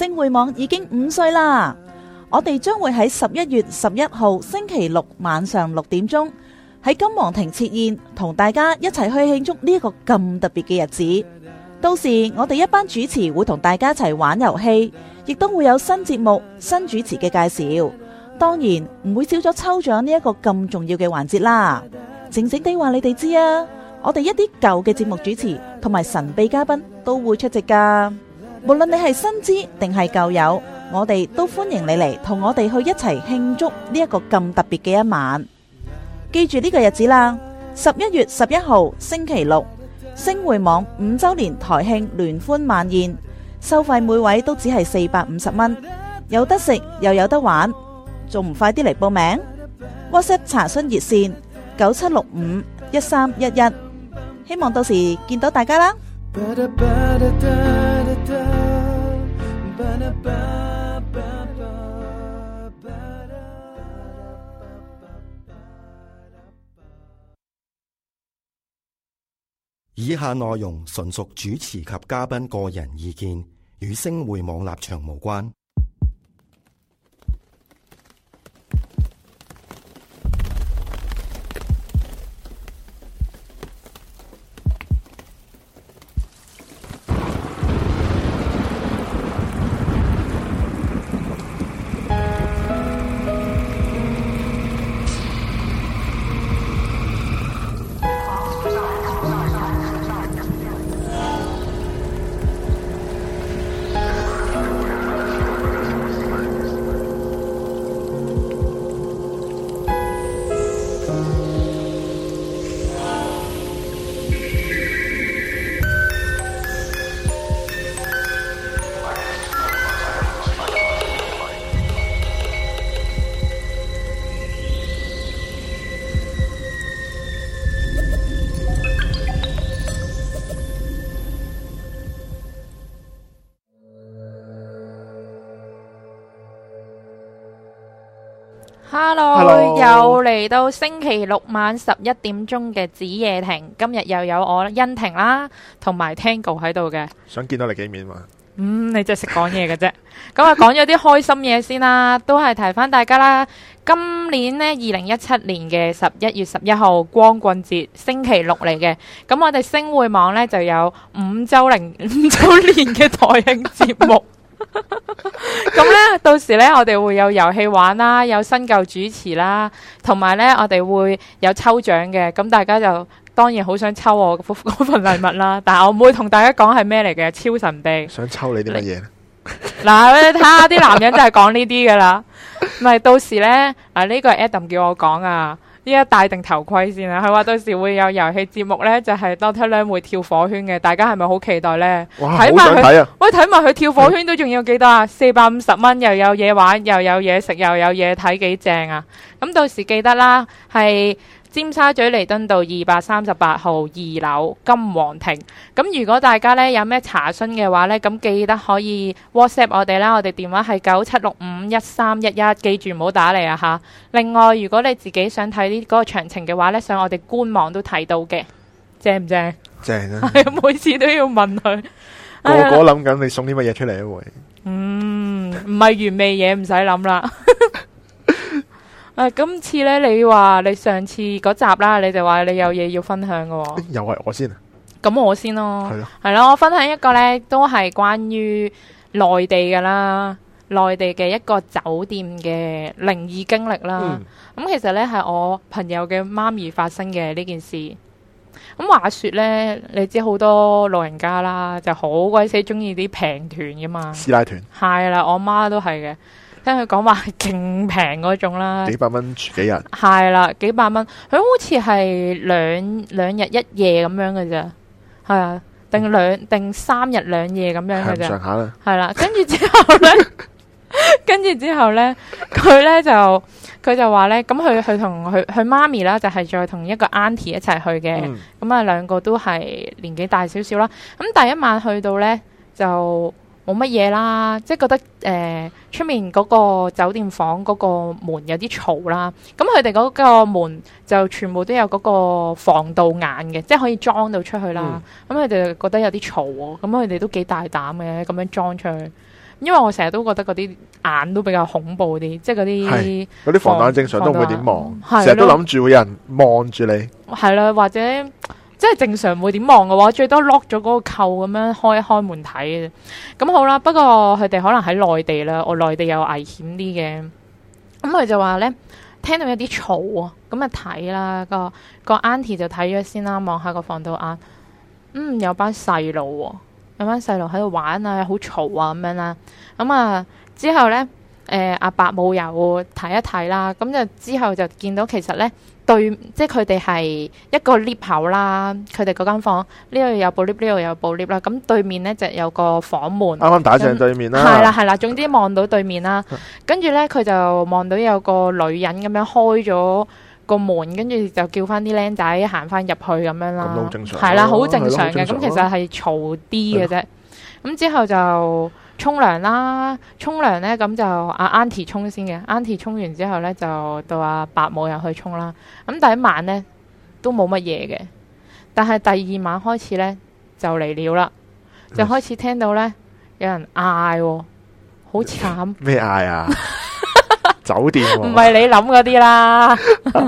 星匯網已經五歲啦，我哋將會喺十一月十一號星期六晚上六點鐘喺金皇庭設宴，同大家一齊去慶祝呢一個咁特別嘅日子。到時我哋一班主持會同大家一齊玩遊戲，亦都會有新節目、新主持嘅介紹。當然唔會少咗抽獎呢一個咁重要嘅環節啦。靜靜地話你哋知啊，我哋一啲舊嘅節目主持同埋神秘嘉賓都會出席㗎。無論你係新知定係舊友，我哋都歡迎你嚟同我哋去一齊慶祝呢一個咁特別嘅一晚。記住呢個日子啦，十一月十一號星期六，星匯網五周年台慶聯歡晚宴，收費每位都只係四百五十蚊，有得食又有得玩，仲唔快啲嚟報名？WhatsApp 查詢熱線九七六五一三一一，希望到時見到大家啦。 以下內容純屬主持及嘉賓個人意見，與星匯網立場無關。hello，, hello. 又嚟到星期六晚十一點鐘嘅子夜亭，今日又有我欣婷啦，同埋 Tango 喺度嘅。想見到你幾面嘛？嗯，你真係識講嘢嘅啫。咁啊，講咗啲開心嘢先啦，都係提翻大家啦。今年呢，二零一七年嘅十一月十一號光棍節，星期六嚟嘅。咁我哋星匯網呢，就有五周零五周年嘅台慶節目。 咁咧， 到時咧，我哋會有遊戲玩啦，有新舊主持啦，同埋咧，我哋會有抽獎嘅。咁大家就當然好想抽我份禮物啦。但係我唔會同大家講係咩嚟嘅，超神秘。想抽你啲乜嘢咧？嗱， 你睇下啲男人真係講呢啲噶啦。唔係，到時咧，啊、這、呢個 Adam 叫我講啊。一戴定頭盔先啊，佢話到時會有遊戲節目呢，就係 Doctor Lamb 會跳火圈嘅，大家係咪好期待呢？睇埋佢，喂看完、啊，睇埋佢跳火圈都仲要幾多啊？四百五十蚊又有嘢玩，又有嘢食，又有嘢睇，幾正啊！咁到時記得啦，係。尖沙咀彌敦道二百三十八號二樓金皇庭。咁，如果大家咧有咩查詢嘅話咧，咁記得可以 WhatsApp 我哋啦，我哋電話係九七六五一三一一，記住唔好打嚟啊吓！另外，如果你自己想睇呢嗰個詳情嘅話咧，上我哋官網都睇到嘅，正唔正？正啊！ 每次都要問佢， 個個諗緊你送啲乜嘢出嚟啊，會？嗯，唔係原味嘢，唔使諗啦。 誒，今次咧，你話你上次嗰集啦，你就話你有嘢要分享嘅喎、喔，又係我先啊？咁我先咯，係咯的，係咯，我分享一個咧，都係關於內地㗎啦，內地嘅一個酒店嘅靈異經歷啦。咁、嗯、其實咧係我朋友嘅媽咪發生嘅呢件事。咁話說咧，你知好多老人家啦，就好鬼死中意啲平團㗎嘛，師奶團係啦，我媽都係嘅。聽佢講話勁平嗰種啦，幾百蚊住幾日係啦，幾百蚊佢好似係兩兩日一夜咁樣嘅啫，係啊，定兩定三日兩夜咁樣嘅啫，上下啦，係啦，跟住之後咧，跟住之後咧，佢咧就佢就話咧，咁佢佢同佢佢媽咪啦，就係再同一個 auntie 一齊去嘅，咁啊兩個都係年紀大少少啦，咁第一晚去到咧就。冇乜嘢啦，即係覺得誒，呃、出面嗰個酒店房嗰個門有啲嘈啦。咁佢哋嗰個門就全部都有嗰個防盜眼嘅，即係可以裝到出去啦。咁佢哋覺得有啲嘈，咁佢哋都幾大膽嘅，咁樣裝出去。因為我成日都覺得嗰啲眼都比較恐怖啲，即係嗰啲啲防盜眼正常都唔會點望，成日、嗯、都諗住會有人望住你。係啦，或者。即係正常會點望嘅話，最多 lock 咗嗰個扣咁樣開一開門睇嘅啫。咁好啦，不過佢哋可能喺內地啦，我內地又危險啲嘅。咁、嗯、佢就話咧，聽到有啲嘈啊，咁啊睇啦，個個 Auntie 就睇咗先啦，望下個防盜眼。嗯，有班細路喎，有班細路喺度玩啊，好嘈啊咁樣啦。咁、嗯、啊之後咧，誒、呃、阿伯冇有睇一睇啦。咁就之後就見到其實咧。對，即係佢哋係一個 𨋢 口啦，佢哋嗰間房呢度有部 𨋢，呢度有部 𨋢 啦。咁對面呢就有個房門，啱啱打正對面啦。係啦，嗯，係啦，總之望到對面啦，跟住 呢，佢就望到有個女人咁樣開咗個門，跟住就叫翻啲靚仔行翻入去咁樣啦。係啦，好正常嘅，咁啦其實係嘈啲嘅啫。咁對啦 之後就。沖涼啦，沖涼咧咁就阿阿 aunty 沖先嘅，aunty 沖完之後咧就到阿伯母又去沖啦。咁、啊、第一晚咧都冇乜嘢嘅，但係第二晚開始咧就嚟了啦，就開始聽到咧麼有人嗌，好慘，咩嗌啊！ 酒店唔、啊、係你諗嗰啲啦。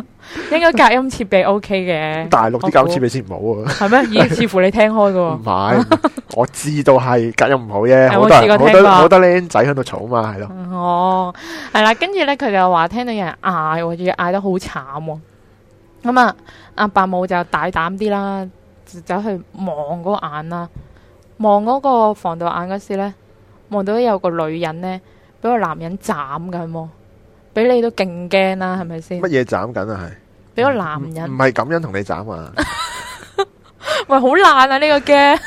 應該隔音設備 OK 嘅，大陸啲隔音設備先唔好啊。係咩？ 要視乎你聽開嘅。唔 係，我知道係隔音唔好啫。我試 過聽過。我得僆仔喺度吵嘛，係咯。 哦，係啦。跟住咧，佢就話聽到有人嗌，仲要嗌得好慘。咁啊，阿伯母就大膽啲啦，就走去望嗰眼啦。望嗰個防盜眼嗰時咧，望到有個女人咧，俾個男人斬噶。俾你都勁驚啦，係咪先？乜嘢斬緊啊？係俾、啊、個男人、嗯，唔係咁樣同你斬啊！ 喂，好爛、哎、啊！呢、這個 game，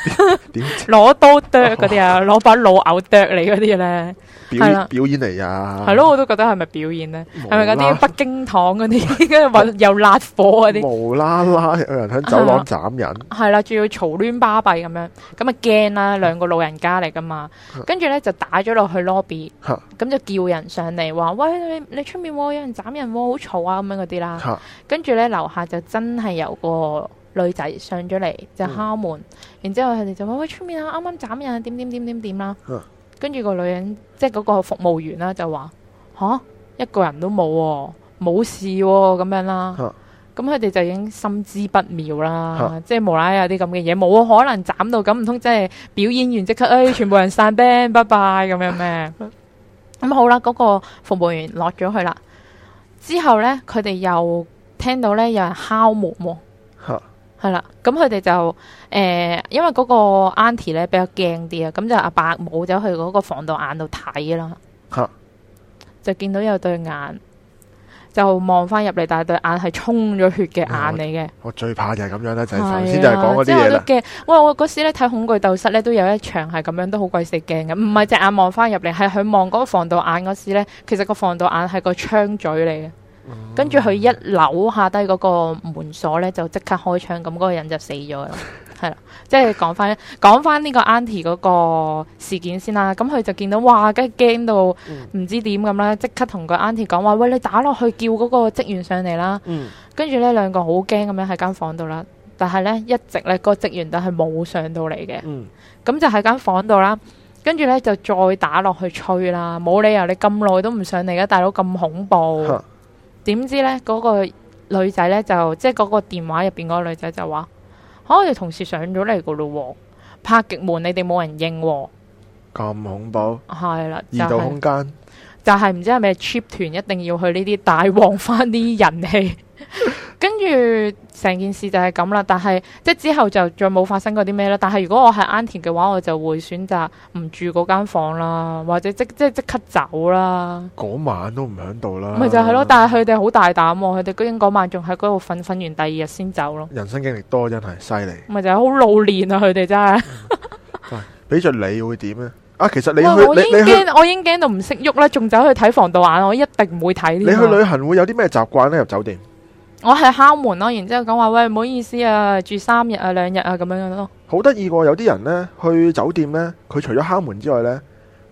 攞怎 刀剁嗰啲啊，攞哇把老牛剁你嗰啲咧，係啦，表演嚟啊，係咯、啊啊，我都覺得係咪表演咧、啊？係咪嗰啲北京堂嗰啲，跟住無 又辣火嗰啲，無啦啦有人喺走廊斬人、啊，係啦、啊，仲、啊啊、要嘈亂巴閉咁樣，咁啊驚啦，兩個老人家嚟噶嘛，跟住咧就打咗落去 lobby，咁就叫人上嚟話，喂你你出面喎，有人斬人喎，好嘈啊，咁樣嗰啲啦，跟住咧樓下就真係有個。女仔上咗嚟就敲門，然之後佢哋就話：喂，出面啊，啱啱斬人啊，點點點點點啦。跟住個女人即係嗰個服務員啦，就話吓？一個人都冇喎，冇事喎，咁樣啦。咁佢哋就已經心知不妙啦，啊、即係無啦啦有啲咁嘅嘢，冇可能斬到咁，唔通即係表演完即刻，哎，全部人散 band bye bye 咁樣咩？咁 好啦，嗰個服務員落咗去啦。之後呢，佢哋又聽到呢有人敲門喎。係啦，咁佢哋就誒、呃，因為嗰個安娣咧比較驚啲啊，咁就阿伯冇走去嗰個防盜眼度睇啦，哈就見到有對眼就望翻入嚟，但係對眼係充咗血嘅眼嚟嘅、啊。我最怕就係咁樣啦，就首、是、先的就係講嗰啲即係我都驚，哇！我嗰時咧睇恐懼鬥室咧都有一場係咁樣，都好鬼死驚嘅。唔係隻眼望翻入嚟，係佢望嗰個防盜眼嗰時咧，其實個防盜眼係個槍嘴嚟嘅。跟住佢一扭下，低嗰個門鎖咧，就即刻開槍，咁嗰個人就死咗啦。係啦， 即係講翻講翻呢個阿姨嗰個事件先啦。咁佢就見到哇，梗係驚到唔知點咁啦，即刻同個阿姨講話：，喂，你打落去叫嗰個職員上嚟啦。 跟住咧，兩個好驚咁樣喺間房度啦。但係咧，一直咧個職員都係冇上到嚟嘅。嗯，咁就喺間房度啦。跟住咧就再打落去催啦，冇理由你咁耐都唔上嚟噶，大佬咁恐怖。 點知呢？嗰、那個女仔呢，就即係嗰個電話入邊嗰個女仔就話：我哋、啊、同事上咗嚟個咯喎，拍極門你哋冇人應喎、哦，咁恐怖！係啦，異、就、度、是、空間就係唔知係咪 cheap 團一定要去呢啲大旺翻啲人氣。 跟住成件事就係咁啦，但係即之後就再冇發生過啲咩啦。但係如果我係 Auntie 嘅話，我就會選擇唔住嗰間房啦，或者即即即刻走啦。嗰晚都唔喺度啦，咪就係咯。但係佢哋好大膽、啊，佢哋居然嗰晚仲喺嗰度瞓，瞓完第二日先走咯。人生經歷多真係犀利，咪就係好老練啊！佢哋真係、嗯。 畀着你會點咧？啊，其實你去我已經驚到唔識喐啦，仲走去睇防盜眼，我一定唔會睇呢。你去旅行會有啲咩習慣咧？入酒店。我係敲門咯，然之後講話，喂，唔好意思啊，住三日啊兩日啊咁樣咯。好得意噶，有啲人呢，去酒店呢，佢除咗敲門之外呢，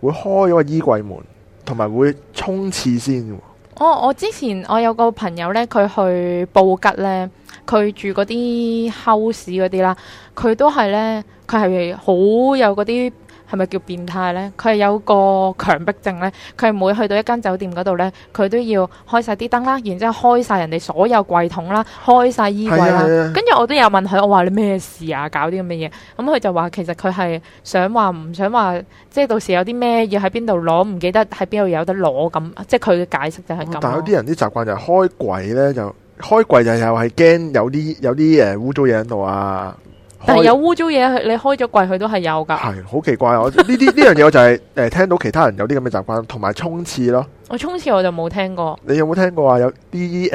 會開咗個衣櫃門，同埋會沖廁先。哦，我之前我有個朋友呢，佢去布吉呢，佢住嗰啲 house 嗰啲啦，佢都係呢，佢係好有嗰啲。係咪叫變態咧？佢係有個強迫症咧，佢每去到一間酒店嗰度咧，佢都要開晒啲燈啦，然之後開晒人哋所有櫃桶啦，開晒衣櫃啦。跟住的我都有問佢，我話你咩事啊？搞啲咁嘅嘢。咁、嗯、佢就話其實佢係想話唔想話，即係到時有啲咩嘢喺邊度攞，唔記得喺邊度有得攞咁。即係佢嘅解釋就係咁、嗯。但係有啲人啲習慣就係開櫃咧，就開櫃就又係驚有啲有啲誒污糟嘢喺度啊。但係有污糟嘢，你開咗櫃佢都係有噶。係好奇怪，我呢啲呢樣嘢我就係、是、誒、呃、聽到其他人有啲咁嘅習慣，同埋沖廁咯。我沖廁我就冇聽過。你有冇聽過、呃、 啊？有啲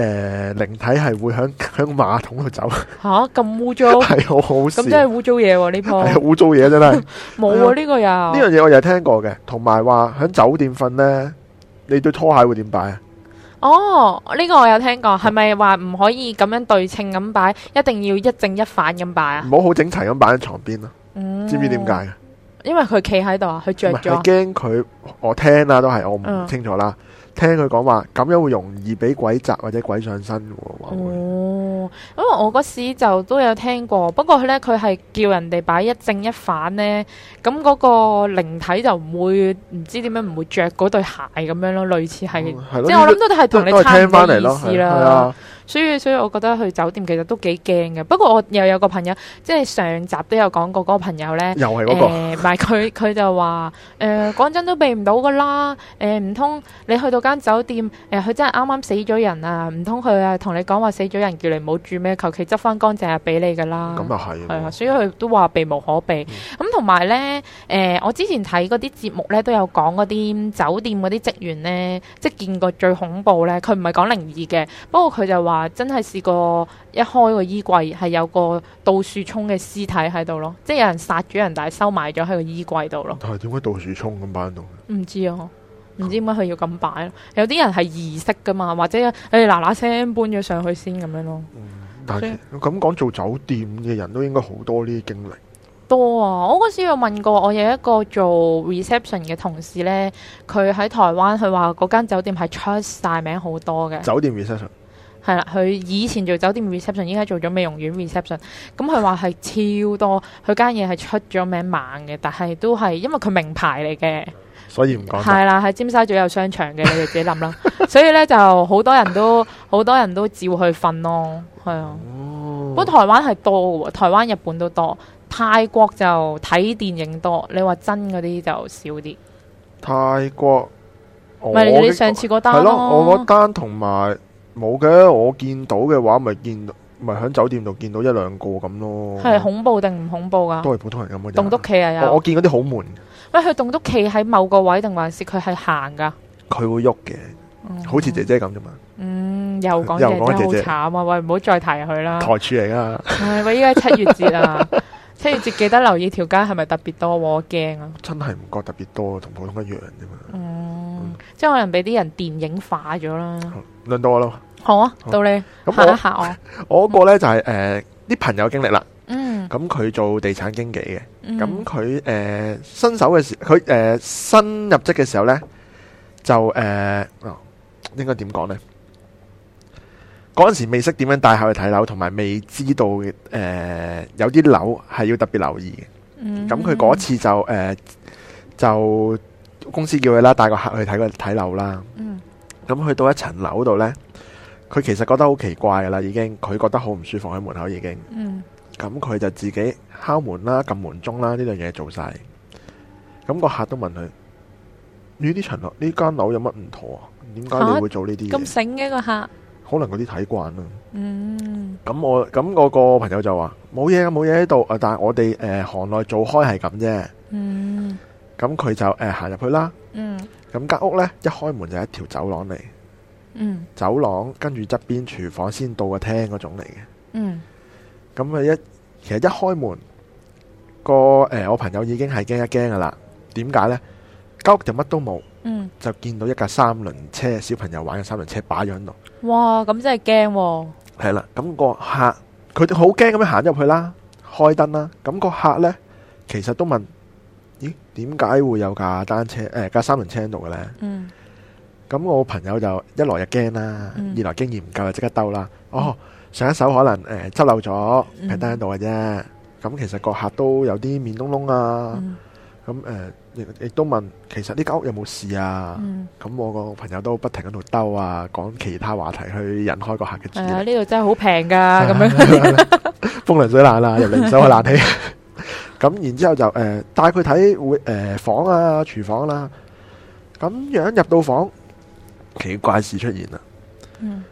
誒靈體係會響響馬桶度走。吓，咁污糟，係好好事。咁真係污糟嘢喎呢鋪，係污糟嘢真係。冇啊呢個又！呢樣嘢，我又係聽過嘅。同埋話喺酒店瞓呢，你對拖鞋會點擺啊？哦，呢、這個我有聽過，係咪話唔可以咁樣對稱咁擺，一定要一正一反咁擺啊？唔好好整齊咁擺喺床邊咯。嗯，知唔知點解？因為佢企喺度啊，佢着咗。驚佢，我聽啦都係，我唔清楚啦。嗯、聽佢講話，咁樣會容易俾鬼襲或者鬼上身。哦。嗯因為我嗰時就都有聽過，不過佢咧，佢係叫人哋擺一正一反咧，咁、嗯、嗰、那個靈體就唔會唔知點樣，唔會着嗰對鞋咁樣咯，類似係，嗯、即係我諗到都係同你聽返嚟嘅意思啦。所以所以，所以我覺得去酒店其實都幾驚嘅。不過我又有個朋友，即係上集都有講過嗰個朋友咧，又係嗰、嗰個，咪佢佢就話誒講真都避唔到噶啦。誒唔通你去到間酒店，誒、呃、佢真係啱啱死咗人啊？唔通佢呀同你講話死咗人，叫你唔好住咩？求其執翻乾淨啊，俾你噶啦。咁又係。係啊，所以佢都話避無可避。咁同埋咧，誒、嗯呃、我之前睇嗰啲節目咧，都有講嗰啲酒店嗰啲職員咧，即係見過最恐怖咧。佢唔係講靈異嘅，不過佢就話。真係試過一開個衣櫃，係有個倒豎蔥嘅屍體喺度咯，即係有人殺咗人，但係收埋咗喺個衣櫃度咯。但係點解倒豎蔥咁擺喺度？唔知啊，唔知點解佢要咁擺。有啲人係儀式㗎嘛，或者誒嗱嗱聲搬咗上去先咁樣咯。嗯，但係咁講，做酒店嘅人都應該好多呢啲經歷。多啊！我嗰時有問過我有一個做 reception 嘅同事咧，佢喺台灣，佢話嗰間酒店係出晒名好多嘅酒店 reception。係啦，佢以前做酒店 reception，依家做咗美容院 reception，嗯。咁佢話係超多，佢間嘢係出咗名猛嘅，但係都係因為佢名牌嚟嘅，所以唔講。係啦，喺尖沙咀有商場嘅， 你哋自己諗啦。所以咧就好多人都好多人都照去瞓咯，係啊。不過、哦、台灣係多喎，台灣、日本都多。泰國就睇電影多，你話真嗰啲就少啲。泰國，唔係你上次嗰單咯，我嗰單同埋。冇嘅，我見到嘅話，咪見到咪喺酒店度見到一兩個咁咯。係恐怖定唔恐怖噶？都係普通人咁嘅。棟篤企啊！我見嗰啲好悶。喂，佢棟篤企喺某個位定還是佢係行噶？佢會喐嘅，好似姐姐咁啫嘛。嗯，又講又講姐姐，慘啊！喂，唔好再提佢啦。台柱嚟噶。係喂，依家七月節啊，七月節記得留意條街係咪特別多？我驚啊！真係唔覺特別多，同普通一樣啫嘛。嗯，即係可能俾啲人電影化咗啦。輪到我啦。好啊，哦，到你，啊，下一下我。乘一乘一我個咧就係誒啲朋友經歷啦。嗯。咁佢做地產經紀嘅，咁佢誒新手嘅時，佢誒、呃、新入職嘅時候咧，就誒、呃，哦，應該點講咧？嗰陣時未識點樣帶客去睇樓，同埋未知道誒、呃、有啲樓係要特別留意嘅。嗯。咁佢嗰次就誒、嗯呃、就公司叫佢啦，帶個客去睇個睇樓啦。嗯。咁去到一層樓度咧。佢其實覺得好奇怪噶啦，已經佢覺得好唔舒服喺門口已經。嗯，咁佢就自己敲門啦，撳門鐘啦，呢樣嘢做晒。咁、個客都問佢：呢啲層樓、呢間樓有乜唔妥啊？點解你會做呢啲嘢？咁醒嘅個客。可能嗰啲睇慣啦。咁、嗯、我咁我、個朋友就話：冇嘢啊，冇嘢喺度，但係我哋誒、呃、行內做開係咁啫。嗯。咁佢就誒行入去啦。嗯。咁間屋呢，一開門就係一條走廊嚟。嗯，走廊跟住側邊廚房先到個廳嗰種嚟嘅。嗯，咁啊一其實一開門個誒、呃，我朋友已經係驚一驚噶啦。點解呢？間屋就乜都冇。嗯，就見到一架三輪車，小朋友玩嘅三輪車擺咗喺度。哇，咁真係驚喎。係啦，咁個客佢哋好驚咁樣行入去啦，開燈啦。咁個客呢，其實都問：「咦，點解會有架單車誒架、呃、三輪車喺度嘅呢？」嗯。咁我朋友就一來就驚啦，二來經驗唔夠，就即刻兜啦。哦，上一手可能誒執漏咗平單喺度嘅啫。咁其實個客都有啲面窿窿啊。咁誒亦亦都問，其實呢間屋有冇事啊？咁我個朋友都不停喺度兜啊，講其他話題去引開個客嘅注意。呢度真係好平噶，咁樣風涼水冷啦，入嚟手係冷氣。咁然之後就誒帶佢睇會誒房啊，廚房啦。咁樣入到房。奇怪事出現啦，嗯、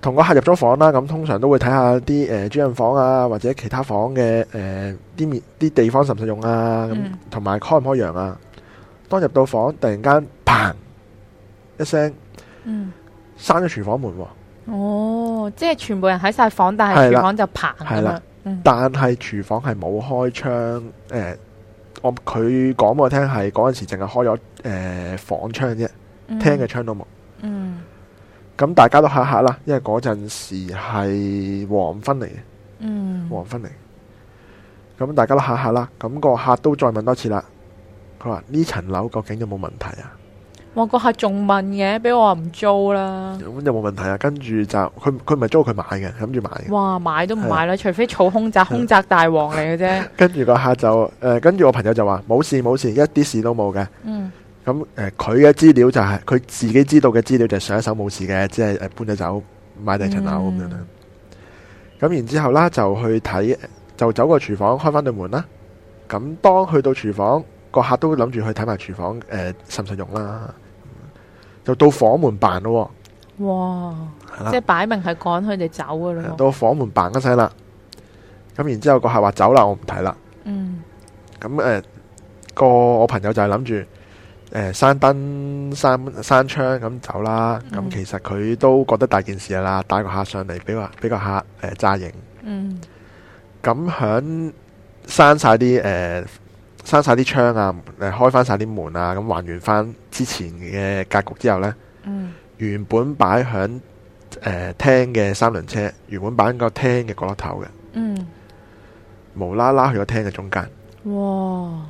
同個客入咗房啦，咁通常都會睇下啲誒主人房啊或者其他房嘅誒啲面啲地方使唔使用啊，咁同埋開唔開陽啊。當入到房，突然間嘭，一聲、嗯，閂咗廚房門、啊。哦，即係全部人喺晒房，但係廚房就嘭咁樣。了嗯、但係廚房係冇開窗，誒、呃，我佢講我聽係嗰陣時淨係開咗誒、呃、房窗啫，廳嘅、嗯、窗都冇。咁、嗯、大家都吓吓啦，因為嗰陣時係黃昏嚟嘅，嗯、黃昏嚟。咁大家都吓吓啦，咁、個客都再問多次啦。佢話呢層樓究竟有冇問題啊？我個客仲問嘅，俾我話唔租啦。咁有冇問題啊？跟住就佢佢唔係租佢買嘅，諗住買。哇，買都唔買啦，啊、除非儲空宅，空宅大王嚟嘅啫。跟住個客就誒，跟住我朋友就話冇事冇事，事，一啲事都冇嘅。嗯。咁誒，佢嘅資料就係、是、佢自己知道嘅資料，就上一手冇事嘅，即係誒搬咗走買第二層樓咁樣啦。咁、嗯、然之後啦，就去睇，就走過廚房，開翻對門啦。咁當去到廚房，個客都諗住去睇埋廚房誒，實唔實用啦？就到房門辦咯。哇！了即係擺明係趕佢哋走噶啦。到房門辦嗰陣啦。咁然之後個客話走啦，我唔睇啦。嗯。咁誒，個、呃、我朋友就係諗住。誒，閂燈、閂閂窗咁走啦。咁其實佢都覺得大件事啦。帶個客上嚟，俾個俾個客誒揸型。嗯。咁響閂晒啲誒閂晒啲窗啊，誒開翻晒啲門啊，咁還原翻之前嘅格局之後呢，原本擺響誒廳嘅三輪車，原本擺喺個廳嘅角落頭嘅。嗯。無啦啦去咗廳嘅中間。哇！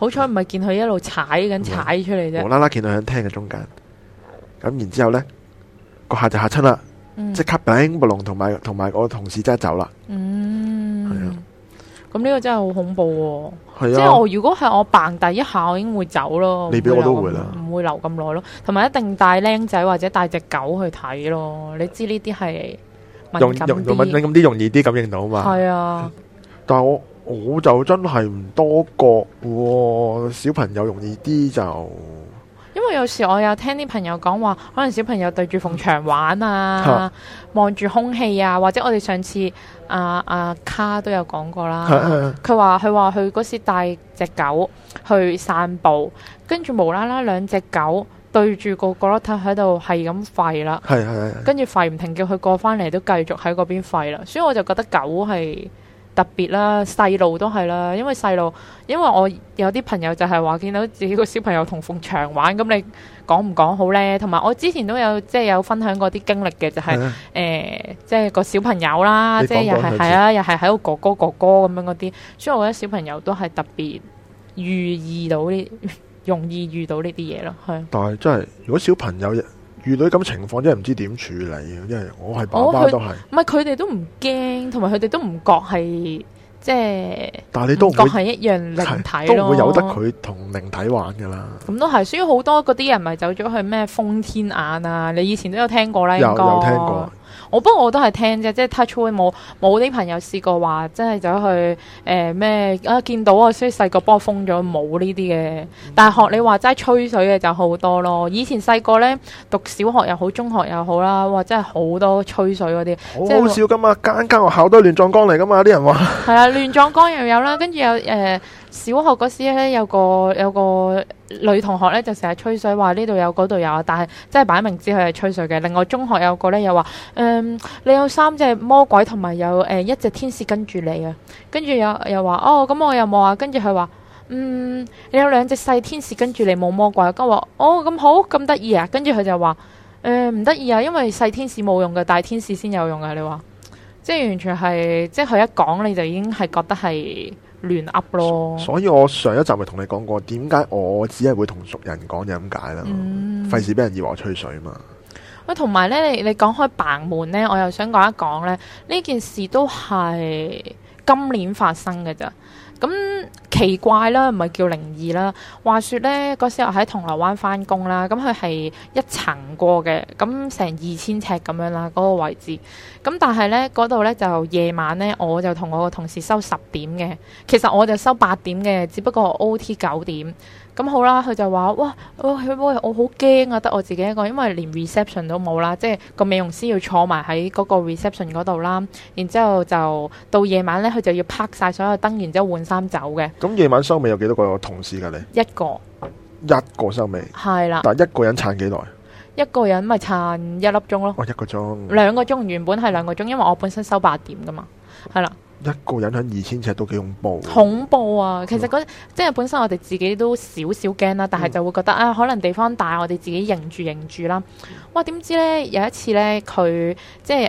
好彩唔係見佢一路踩緊踩出嚟啫，無啦啦見到響廳嘅中間，咁然之後咧，個客就嚇親啦，即刻炳布龍同埋同埋我同事即係走啦。嗯，係啊，咁呢個真係好恐怖。係啊，即係我如果係我扮第一下，我已經會走咯。你俾我都會啦，唔會留咁耐咯。同埋一定帶靚仔或者帶隻狗去睇咯。你知呢啲係敏感啲，敏感啲容易啲感應到嘛。係啊，但係我。我就真係唔多覺喎、哦，小朋友容易啲就，因為有時我有聽啲朋友講話，可能小朋友對住幅牆玩啊，望住、啊、空氣啊，或者我哋上次阿啊，啊卡都有講過啦，佢話佢話佢嗰時帶隻狗去散步，跟住無啦啦兩隻狗對住個角落頭喺度係咁吠啦，跟住吠唔停叫，佢過返嚟都繼續喺嗰邊吠啦，所以我就覺得狗係。特別啦，細路都係啦，因為細路，因為我有啲朋友就係話見到自己個小朋友同墳牆玩，咁你講唔講好呢？同埋我之前都有即係有分享過啲經歷嘅，就係、係、誒，的呃、即係個小朋友啦，即係又係係啊，又係喺度哥哥哥哥咁樣嗰啲，所以我覺得小朋友都係特別遇意到呢，容易遇到呢啲嘢咯，係。但係真係，如果小朋友，遇到咁情況真係唔知點處理，因為我係爸爸、哦、都係是，唔係佢哋都唔驚，同埋佢哋都唔覺係即係，但係你都覺係一樣靈體都唔會有得佢同靈體玩噶啦。咁都係，所以好多嗰啲人咪走咗去咩封天眼啊！你以前都有聽過啦，有有聽過。我不過我都係聽啫，即係 touchwood 冇冇啲朋友試過話，真係走去誒咩、呃、啊見到啊，所以細個幫我封咗冇呢啲嘅。嗯、但係學你話齋吹水嘅就好多咯。以前細個咧讀小學又好，中學又好啦，哇！真係好多吹水嗰啲，即係好少噶嘛。間是我間學校都係亂葬崗嚟噶嘛，有啲人話。係啊，亂葬崗又有啦， 跟住有。誒、呃。小學嗰時咧，有個有個女同學咧，就成日吹水，話呢度有，嗰度有，但係真係擺明知佢係吹水嘅。另外中學有個咧，又話，誒，你有三隻魔鬼同埋有誒一隻天使跟住你啊，跟住又又話，哦，咁我又冇啊。跟住佢話，嗯，你有兩隻細天使跟住你，冇、哦啊嗯、魔鬼。跟住話，哦，咁好，咁得意啊。跟住佢就話，誒、呃，唔得意啊，因為細天使冇用噶，大天使先有用噶。你話，即係完全係，即係佢一講你就已經係覺得係。亂噏咯，所以我上一集咪同你講過，點解我只係會同熟人講就咁解啦，費事俾人以為我吹水嘛。喂、嗯，同埋咧，你你講開白門咧，我又想講一講咧，呢件事都係今年發生嘅咋。咁、嗯、奇怪啦，唔係叫靈異啦。話說呢，嗰時候喺銅鑼灣翻工啦，咁佢係一層過嘅，咁成二千尺咁樣啦，嗰、嗰個位置。咁、嗯、但係呢，嗰度呢，就夜晚呢，我就同我個同事收十點嘅，其實我就收八點嘅，只不過 O T 九點。咁、嗯、好啦，佢就話：哇，我佢我好驚啊！得我自己一個，因為連 reception 都冇啦，即係個美容師要坐埋喺嗰個 reception 嗰度啦。然之後就到夜晚咧，佢就要拍晒所有燈，然之後換衫走嘅。咁、嗯、夜晚收尾有幾多個同事㗎、啊、你？一個，一個收尾。係啦。但一個人撐幾耐、哦？一個人咪撐一粒鐘咯。哦，一個鐘，兩個鐘原本係兩個鐘，因為我本身收八點㗎嘛。係啦，一個人喺二千尺都幾恐怖。恐怖啊！其實嗰即係本身我哋自己都少少驚啦，但係就會覺得啊，可能地方大，我哋自己認住認住啦。哇！點知呢？有一次呢，佢即係誒、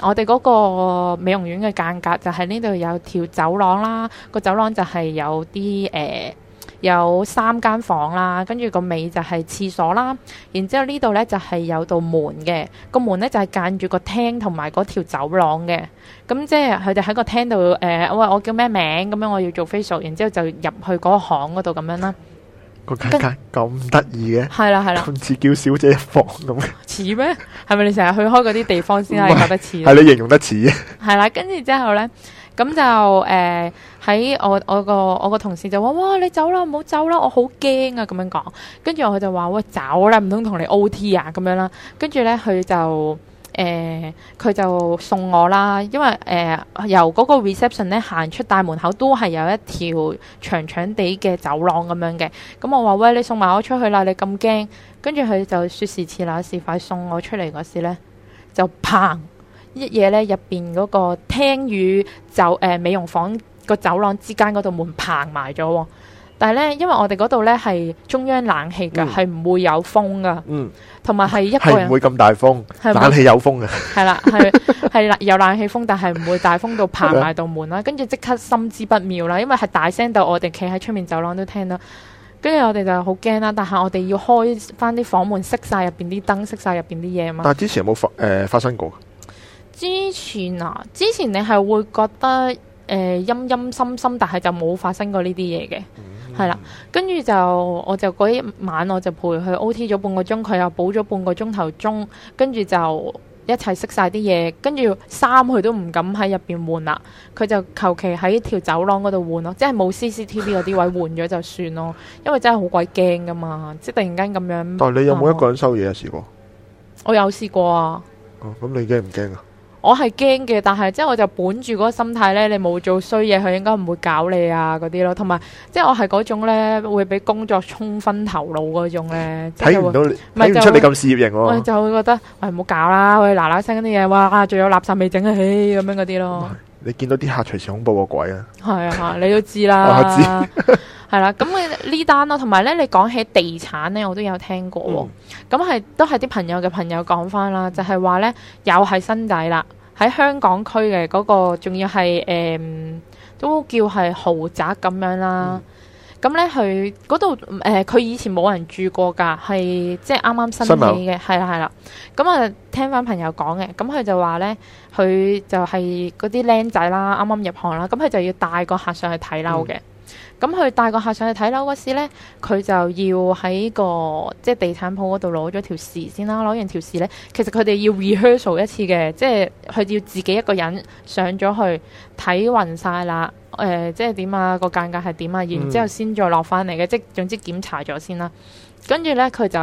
呃、我哋嗰個美容院嘅間隔就喺呢度有條走廊啦，個走廊就係有啲誒。呃有三間房啦，跟住個尾就係廁所啦，然之後呢度呢，就係有道門嘅，個門呢，就係間住個廳同埋嗰條走廊嘅，咁即係佢哋喺個廳度誒，我話我叫咩名咁樣，我要做 facial，然之後就入去嗰個巷嗰度咁樣啦。個格格咁得意嘅，係啦，係啦，似叫小姐房咁，似咩？係咪你成日去開嗰啲地方先可以覺得似？係你形容得似啊？係啦，跟住之後呢，咁就誒。喺我我個我個同事就話：哇！你走啦，唔好走啦，我好驚啊！咁樣講，跟住佢就話：喂，走啦，唔通同你 O.T. 啊！咁樣啦，跟住咧，佢就誒，佢、呃、就送我啦。因為誒、呃，由嗰個 reception 咧行出大門口，都係有一條長長地嘅走廊咁樣嘅。咁、嗯、我話：喂，你送埋我出去啦！你咁驚？跟住佢就説時遲那時快送我出嚟嗰時咧，就嘭一嘢咧入邊嗰個聽語就誒、呃、美容房。個走廊之間嗰度門嘭埋咗，但係咧，因為我哋嗰度咧係中央冷氣噶，係唔、嗯、會有風噶，嗯，同埋係一個人唔會咁大風，是是冷氣有風嘅係啦，係係啦，有冷氣風，但係唔會大風到嘭埋道門啦。跟住即刻心知不妙啦，因為係大聲到我哋企喺出面走廊都聽到。跟住我哋就好驚啦，但係我哋要開翻啲房門，熄晒入邊啲燈，熄晒入邊啲嘢啊。嘛，但係之前有冇發誒、呃、發生過？之前啊，之前你係會覺得。誒，陰陰、呃、森森，但係就冇發生過呢啲嘢嘅，係啦、嗯。跟住就我就嗰一晚，我就，我就陪佢 O.T. 咗半個鐘，佢又補咗半個鐘頭鐘，跟住就一齊熄晒啲嘢。跟住衫佢都唔敢喺入邊換啦，佢就求其喺條走廊嗰度換咯，即係冇 CCTV 嗰啲位換咗就算咯， 因為真係好鬼驚噶嘛，即突然間咁樣。但係你有冇一個人收嘢啊？試過？我有試過啊。哦，咁你驚唔驚啊？我係驚嘅，但係即係我就本住嗰個心態咧，你冇做衰嘢，佢應該唔會搞你啊嗰啲咯。同埋即係我係嗰種咧，會俾工作衝昏頭腦嗰種咧。睇唔到，睇唔出你咁事業型咯、啊。我就會覺得，喂，唔好搞啦，嗱嗱聲嗰啲嘢，哇，仲有垃圾未整起咁樣嗰啲咯。你見到啲客隨時恐怖過鬼啊！係 啊，你都知啦。我知 係啦，咁呢單咯，同埋咧，你講起地產咧，我都有聽過喎、哦。咁係、嗯、都係啲朋友嘅朋友講翻啦，就係話咧，又係新仔啦，喺香港區嘅嗰、那個，仲要係誒、嗯，都叫係豪宅咁樣啦。咁咧佢嗰度誒，佢、呃、以前冇人住過㗎，係即係啱啱新起嘅，係啦係啦。咁啊、嗯，聽翻朋友講嘅，咁佢就話咧，佢就係嗰啲僆仔啦，啱啱入行啦，咁佢就要帶個客上去睇樓嘅。嗯咁佢帶個客上去睇樓嗰時咧，佢就要喺個即係地產鋪嗰度攞咗條匙先啦。攞完條匙咧，其實佢哋要 rehearsal 一次嘅，即係佢要自己一個人上咗去睇勻晒啦。誒、呃，即係點啊？個間隔係點啊？然之後先再落翻嚟嘅，嗯、即係總之檢查咗先啦。跟住咧，佢就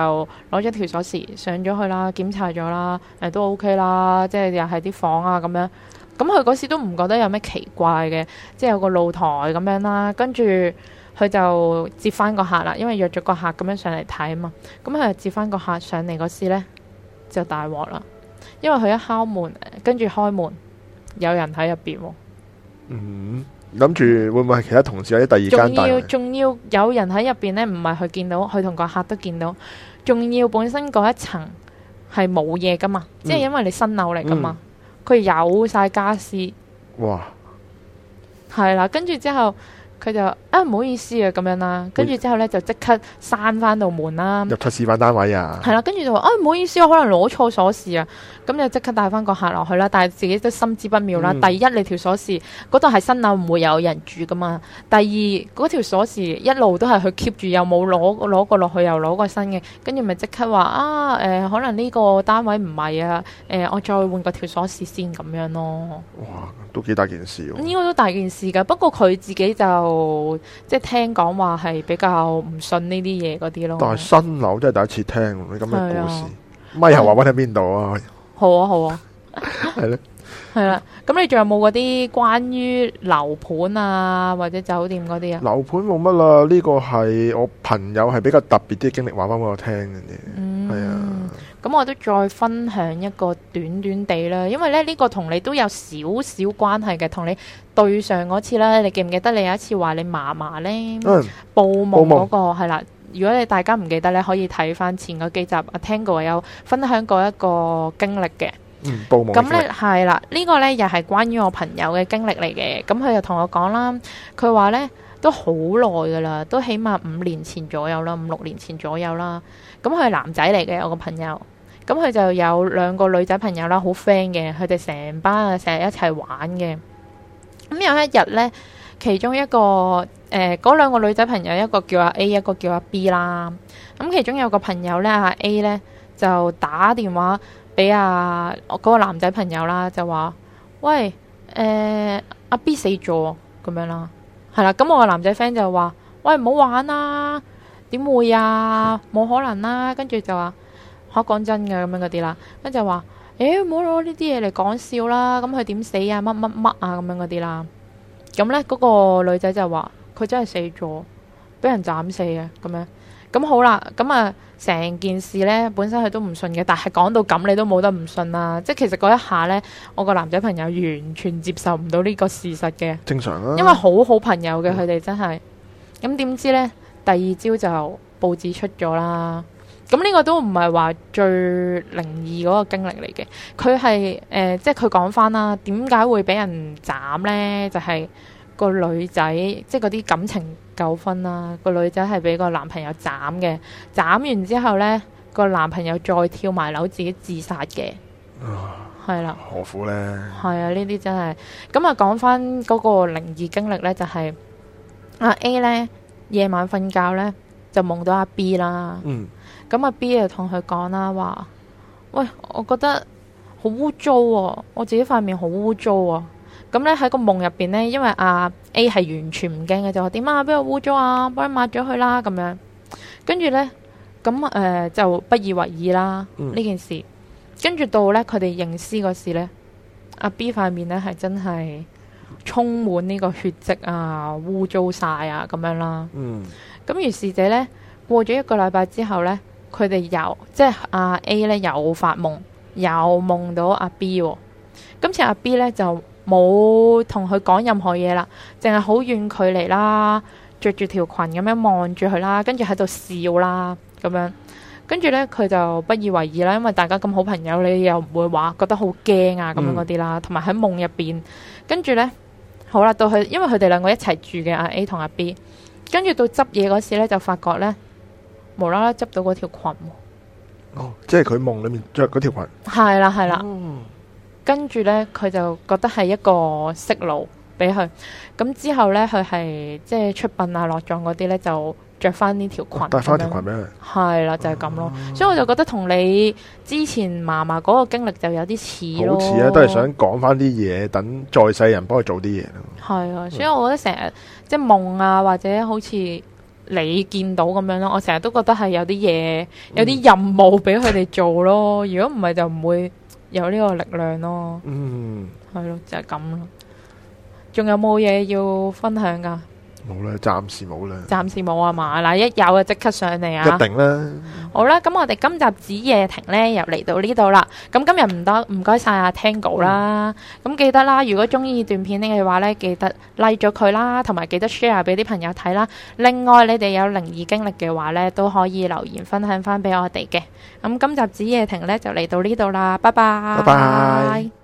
攞咗條鎖匙上咗去啦，檢查咗啦，誒、呃、都 OK 啦，即係又係啲房啊咁樣。咁佢嗰時都唔覺得有咩奇怪嘅，即係有個露台咁樣啦。跟住佢就接翻個客啦，因為約咗個客咁樣上嚟睇啊嘛。咁、嗯、佢就接翻個客上嚟嗰時咧，就大鑊啦。因為佢一敲門，跟住開門，有人喺入邊喎。嗯，諗住會唔會係其他同事喺第二間大？仲要仲要有人喺入邊咧？唔係佢見到，佢同個客都見到。仲要本身嗰一層係冇嘢噶嘛，嗯、即係因為你新樓嚟噶嘛。嗯嗯佢有晒家私，哇，係啦，跟住之後佢就啊，唔好意思啊咁樣啦、啊，跟住之後咧就即刻閂翻到門啦、啊，入錯示範單位啊，係啦，跟住就話啊唔好意思、啊，我可能攞錯鎖匙啊。咁就即刻帶翻個客落去啦，但係自己都心知不妙啦。第一，你條鎖匙嗰度係新樓，唔會有人住噶嘛。第二，嗰條鎖匙一路都係佢 keep 住，又冇攞攞過落去，又攞過新嘅，跟住咪即刻話啊誒、呃，可能呢個單位唔係啊誒，我再換個條鎖匙先咁樣咯。哇，都幾大件事喎、啊！應該、嗯這個、都大件事㗎，不過佢自己就即係聽講話係比較唔信呢啲嘢嗰啲咯。但係新樓真係第一次聽呢咁嘅故事，咪又話揾喺邊度啊？好啊好啊 是的，係咧、啊，係啦。咁你仲有冇嗰啲關於樓盤啊或者酒店嗰啲啊？樓盤冇乜啦，呢、這個係我朋友係比較特別啲經歷，話翻俾我聽嘅。嗯，係啊的。咁、嗯、我都再分享一個短短地啦，因為咧呢、這個同你都有少少關係嘅，同你對上嗰次啦。你記唔記得你有一次話你嫲嫲呢？報夢嗰個係啦？門如果你大家唔記得咧，你可以睇翻前個幾集，阿 Tango 有分享過一個經歷嘅。咁咧係啦，你這個、呢個咧又係關於我朋友嘅經歷嚟嘅。咁佢就同我講啦，佢話咧都好耐噶啦，都起碼五年前左右啦，五六年前左右啦。咁佢係男仔嚟嘅，我個朋友。咁佢就有兩個女仔朋友啦，好 friend 嘅，佢哋成班啊成日一齊玩嘅。咁有一日咧，其中一個。誒，嗰兩、呃、個女仔朋友，一個叫阿 A，一個叫阿 B 啦。咁、嗯、其中有個朋友咧，阿、啊、A 咧就打電話俾阿嗰個男仔朋友啦，就話喂，誒、呃、阿 B 死咗咁樣啦，係啦。咁我個男仔 friend 就話喂唔好玩啦、啊，點會啊，冇可能、啊啊、啦。跟住就話我講真嘅咁樣嗰啲啦。跟住就話誒，唔好攞呢啲嘢嚟講笑啦。咁佢點死啊？乜乜乜啊？咁樣嗰啲啦。咁咧，嗰、那個女仔就話。佢真係死咗，俾人斬死啊！咁樣咁好啦，咁啊成件事呢，本身佢都唔信嘅，但係講到咁，你都冇得唔信啦。即係其實嗰一下呢，我個男仔朋友完全接受唔到呢個事實嘅。正常啊，因為好好朋友嘅佢哋真係。咁點知呢？第二朝就報紙出咗啦。咁呢個都唔係話最靈異嗰個經歷嚟嘅。佢係誒，即係佢講翻啦，點解會俾人斬呢？就係。個女仔即係嗰啲感情糾紛啦，個女仔係俾個男朋友斬嘅，斬完之後呢，個男朋友再跳埋樓自己自殺嘅，係啦唉，何苦呢？係啊，呢啲真係咁啊！講翻嗰個靈異經歷呢，就係阿 A 呢夜晚瞓覺呢，就夢到阿 B 啦，嗯，咁阿 B 就同佢講啦話，喂，我覺得好污糟，我自己塊面好污糟啊！咁咧喺個夢入邊咧，因為阿 A 係完全唔驚嘅，就話點啊，邊度污糟啊，幫你抹咗佢啦，咁樣跟住咧，咁誒、呃、就不以為意啦呢、嗯、件事。跟住到咧，佢哋認屍個事咧，阿、嗯啊、B 塊面咧係真係充滿呢個血迹啊，污糟晒啊，咁樣啦。咁如、嗯、是者咧過咗一個禮拜之後咧，佢哋又即係阿 A 咧又發夢，又夢到阿 B、哦。今次阿 B 咧就。冇同佢講任何嘢啦，淨係好遠距離啦，着住條裙咁樣望住佢啦，跟住喺度笑啦咁樣。跟住呢，佢就不以為意啦，因為大家咁好朋友，你又唔會話覺得好驚啊咁樣嗰啲啦。同埋喺夢入邊，跟住呢，好啦，到佢，因為佢哋兩個一齊住嘅啊 A 同啊 B，跟住到執嘢嗰時呢，就發覺呢，無啦啦執到嗰條裙。哦，即係佢夢裡面着嗰條裙。係啦，係啦。嗯跟住呢，佢就覺得係一個色奴俾佢。咁之後呢，佢係即係出殯啊、落葬嗰啲呢，就着翻呢條裙。帶翻條裙俾佢。係啦，就係、是、咁咯。啊、所以我就覺得同你之前嫲嫲嗰個經歷就有啲似咯。好似啊，都係想講翻啲嘢，等在世人幫佢做啲嘢。係啊，所以我覺得成日、嗯、即係夢啊，或者好似你見到咁樣咯，我成日都覺得係有啲嘢，有啲任務俾佢哋做咯。如果唔係，就唔會。有呢個力量咯，嗯、mm.，係、就係、咯，就係咁咯。仲有冇嘢要分享㗎？冇啦，暫時冇啦。暫時冇啊嘛，嗱一有啊即刻上嚟啊！一定啦。好啦，咁我哋今集子夜亭咧又嚟到呢度啦。咁今日唔多唔該晒阿 Tango 啦。咁記得啦，如果中意段片呢嘅話咧，記得 like 咗佢啦，同埋記得 share 俾啲朋友睇啦。另外你哋有靈異經歷嘅話咧，都可以留言分享翻俾我哋嘅。咁今集子夜亭咧就嚟到呢度啦，拜拜。拜拜。